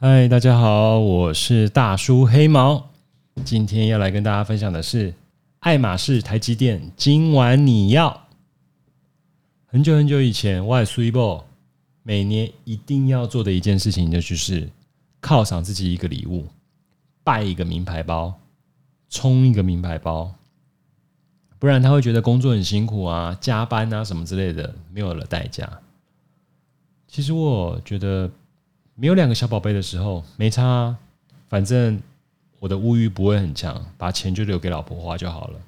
嗨，Hi, 大家好，我是大叔黑毛。今天要來跟大家分享的是愛馬仕、台積電。今晚你要？很久很久以前，我的水某每年一定要做的一件事情，就是犒賞自己一個禮物，拜一個名牌包，充一個名牌包，不然他會覺得工作很辛苦啊，加班啊什麼之類的，沒有了代價。其實我覺得。沒有兩個小寶貝的時候，沒差啊，反正我的物欲不會很強，把錢就留給老婆花就好了。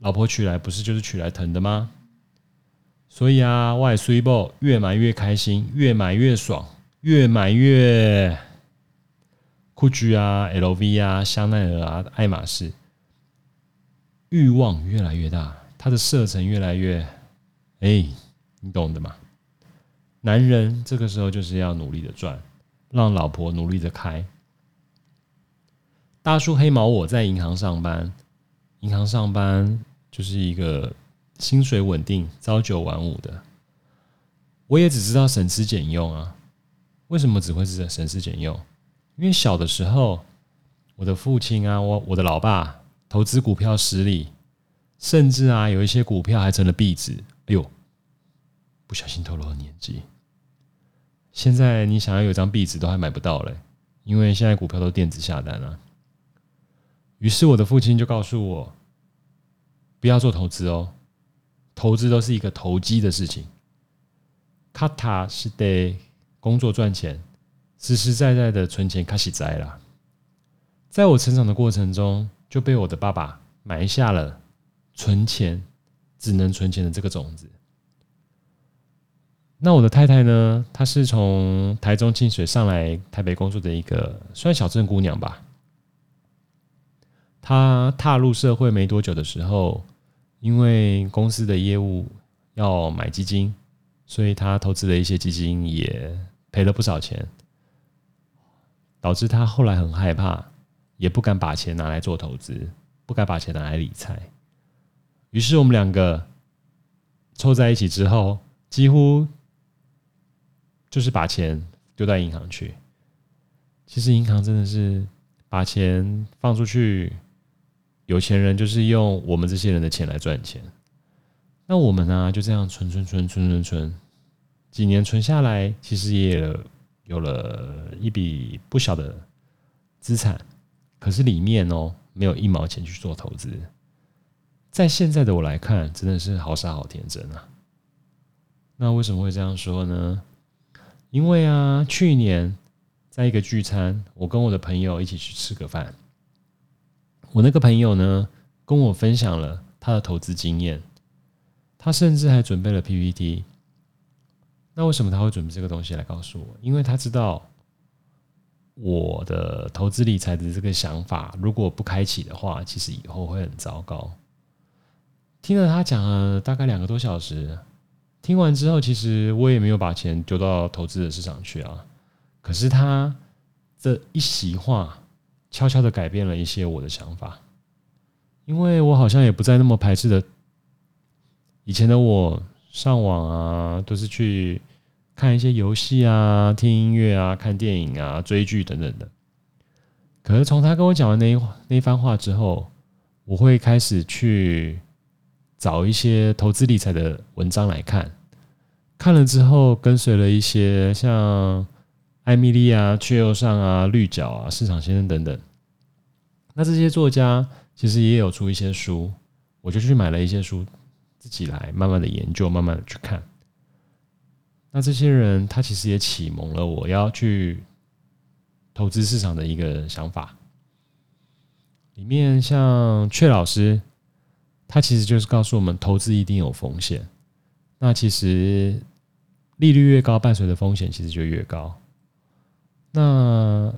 老婆娶來不是就是娶來疼的嗎？所以啊外 s u p 越買越開心，越買越爽，越買越 Gucci 啊，LV 啊，香奈兒啊，愛馬仕，慾望越來越大，它的射程越來越，哎、欸，你懂的嘛。男人這個時候就是要努力的賺，讓老婆努力的開。大叔黑毛，我在銀行上班，銀行上班就是一個薪水穩定、朝九晚五的。我也只知道省吃儉用啊，為什麼只會是省吃儉用？因為小的時候，我的父親啊，我我的老爸投資股票失利，甚至啊有一些股票還成了壁紙，哎呦。不小心透露的年紀，現在你想要有張壁紙都還買不到嘞，因為現在股票都電子下單了。於是我的父親就告訴我，不要做投資哦，投資都是一個投機的事情。卡塔是得工作賺錢，實實在在的存錢卡實在了。在我成長的過程中，就被我的爸爸埋下了存錢只能存錢的這個種子。那我的太太呢？她是從台中清水上來台北工作的一個，算小鎮姑娘吧。她踏入社會沒多久的時候，因為公司的業務要買基金，所以她投資的一些基金也賠了不少錢，導致她後來很害怕，也不敢把錢拿來做投資，不敢把錢拿來理財。於是我們兩個湊在一起之後，幾乎。就是把錢丟到銀行去，其實銀行真的是把錢放出去，有錢人就是用我們這些人的錢來賺錢。那我們呢？啊，就這樣存存存存存存，幾年存下來，其實也有了一筆不小的資產。可是裡面哦，沒有一毛錢去做投資。在現在的我來看，真的是好傻好天真啊。那為什麼會這樣說呢？因為啊，去年在一個聚餐，我跟我的朋友一起去吃個飯。我那個朋友呢，跟我分享了他的投資經驗，他甚至還準備了 PPT。那為什麼他會準備這個東西來告訴我？因為他知道我的投資理財的這個想法，如果不開啟的話，其實以後會很糟糕。聽了他講了大概兩個多小時。聽完之後，其實我也沒有把錢丟到投資的市場去啊。可是他這一席話，悄悄的改變了一些我的想法，因為我好像也不再那麼排斥的。以前的我上網啊，都是去看一些遊戲啊、聽音樂啊、看電影啊、追劇等等的。可是從他跟我講完那一那一番話之後，我會開始去。找一些投資理財的文章來看，看了之後跟隨了一些像艾蜜莉啊、闕又上啊、綠角啊、市場先生等等，那這些作家其實也有出一些書，我就去買了一些書，自己來慢慢的研究，慢慢的去看。那這些人他其實也啟蒙了我要去投資市場的一個想法，裡面像闕老師。它其實就是告訴我們，投資一定有風險。那其實利率越高，伴隨的風險其實就越高。那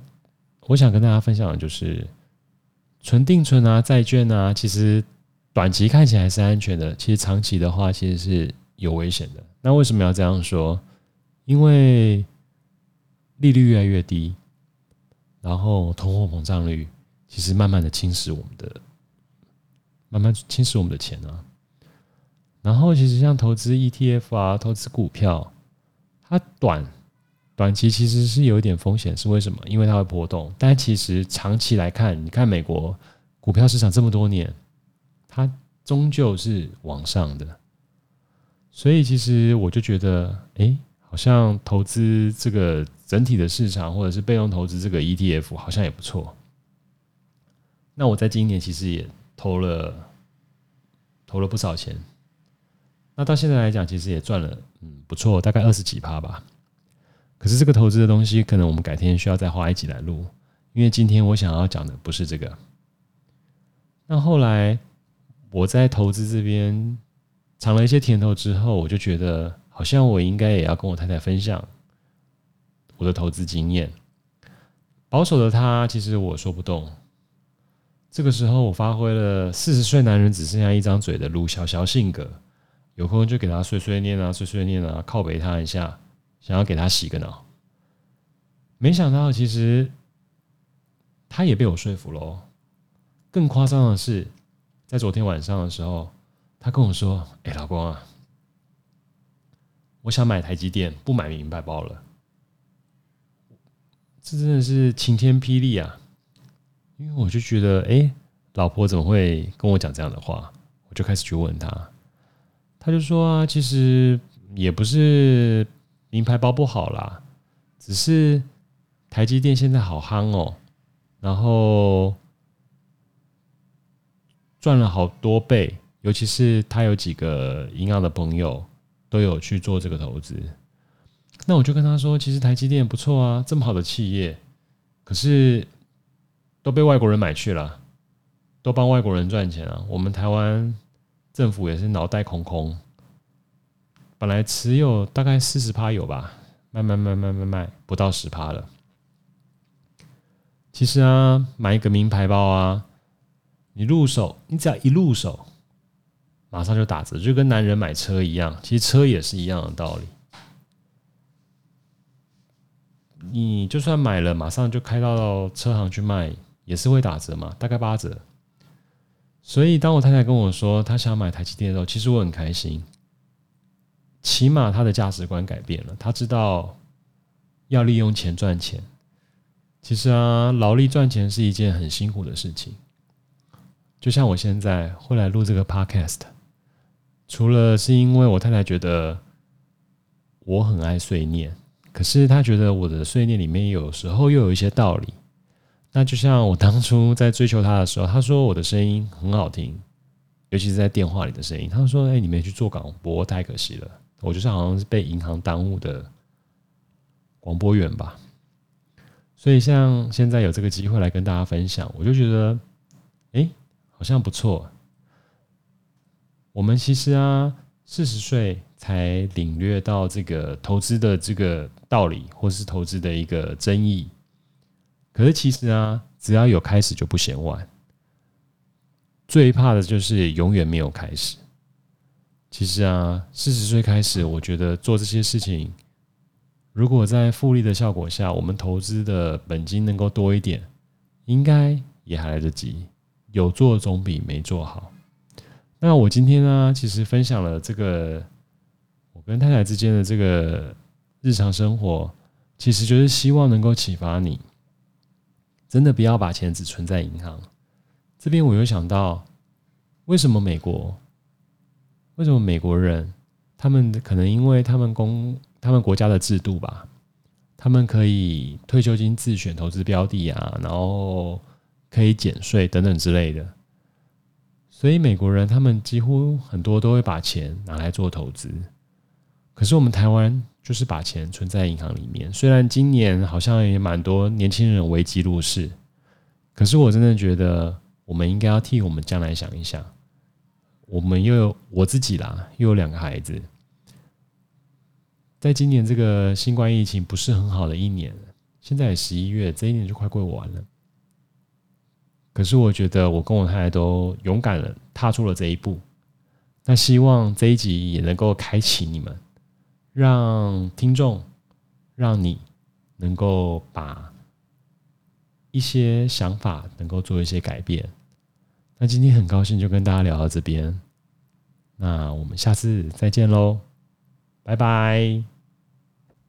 我想跟大家分享的就是，純定存啊、債券啊，其實短期看起來還是安全的，其實長期的話，其實是有危險的。那為什麼要這樣說？因為利率越來越低，然後通貨膨脹率其實慢慢的侵蝕我們的。慢慢侵蝕我們的錢啊，然後其實像投資 ETF 啊，投資股票，它短短期其實是有一點風險，是為什麼？因為它會波動。但其實長期來看，你看美國股票市場這麼多年，它終究是往上的。所以其實我就覺得，誒、欸，好像投資這個整體的市場，或者是被動投資這個 ETF，好像也不錯。那我在今年其實也。投了，投了不少錢，那到現在來講，其實也賺了，嗯，不錯，大概二十幾趴吧。可是這個投資的東西，可能我們改天需要再花一集來錄，因為今天我想要講的不是這個。那後來我在投資這邊嘗了一些甜頭之後，我就覺得好像我應該也要跟我太太分享我的投資經驗。保守的她，其實我說不動。這個時候，我發揮了四十歲男人只剩下一張嘴的魯小小性格，有空就給他碎碎念啊，碎碎念啊，靠北他一下，想要給他洗個腦。沒想到，其實他也被我說服嘍、哦。更誇張的是，在昨天晚上的時候，他跟我說：“哎、欸，老公啊，我想買台積電，不買名牌包了。”這真的是晴天霹靂啊！因為我就覺得，哎、欸，老婆怎麼會跟我講這樣的話？我就開始去問她，她就說啊，其實也不是名牌包不好啦，只是台積電現在好夯哦、喔，然後賺了好多倍，尤其是她有幾個銀行的朋友都有去做這個投資。那我就跟她說，其實台積電不錯啊，這麼好的企業，可是。都被外國人買去了，都幫外國人賺錢了啊，我們台灣政府也是腦袋空空，本來持有大概四十趴有吧，賣賣賣賣賣賣，不到十趴了。其實啊，買一個名牌包啊，你入手，你只要一入手，馬上就打折，就跟男人買車一樣。其實車也是一樣的道理，你就算買了，馬上就開到、到車行去賣。也是會打折嘛，大概八折。所以，當我太太跟我說她想買台積電的時候，其實我很開心。起碼她的價值觀改變了，她知道要利用錢賺錢。其實啊，勞力賺錢是一件很辛苦的事情。就像我現在會來錄這個 podcast，除了是因為我太太覺得我很愛碎念，可是她覺得我的碎念裡面有時候又有一些道理。那就像我當初在追求他的時候，他說我的聲音很好聽，尤其是在電話裡的聲音。他說：“哎，你沒去做廣播，太可惜了。”我就是好像是被銀行耽誤的廣播員吧。所以，像現在有這個機會來跟大家分享，我就覺得，哎，好像不錯。我們其實啊，四十歲才領略到這個投資的這個道理，或是投資的一個爭議。可是其實啊，只要有開始就不嫌晚。最怕的就是永遠沒有開始。其實啊，四十歲開始，我覺得做這些事情，如果在複利的效果下，我們投資的本金能夠多一點，應該也還來得及。有做總比沒做好。那我今天呢、啊，其實分享了這個，我跟太太之間的這個日常生活，其實就是希望能夠啟發你。真的不要把錢只存在銀行。這邊我又想到，為什麼美國？為什麼美國人？他們可能因為他們公，他們國家的制度吧，他們可以退休金自選投資標的啊，然後可以減稅等等之類的。所以美國人他們幾乎很多都會把錢拿來做投資。可是我們台灣就是把錢存在銀行裡面，雖然今年好像也蠻多年輕人危機入市，可是我真的覺得我們應該要替我們將來想一想。我們又有我自己啦，又有兩個孩子，在今年這個新冠疫情不是很好的一年，現在也十一月，這一年就快過完了。可是我覺得我跟我太太都勇敢了，踏出了這一步，那希望這一集也能夠開啟你們。讓聽眾，讓你能夠把一些想法能夠做一些改變。那今天很高興就跟大家聊到這邊。那我們下次再見嘍，拜拜。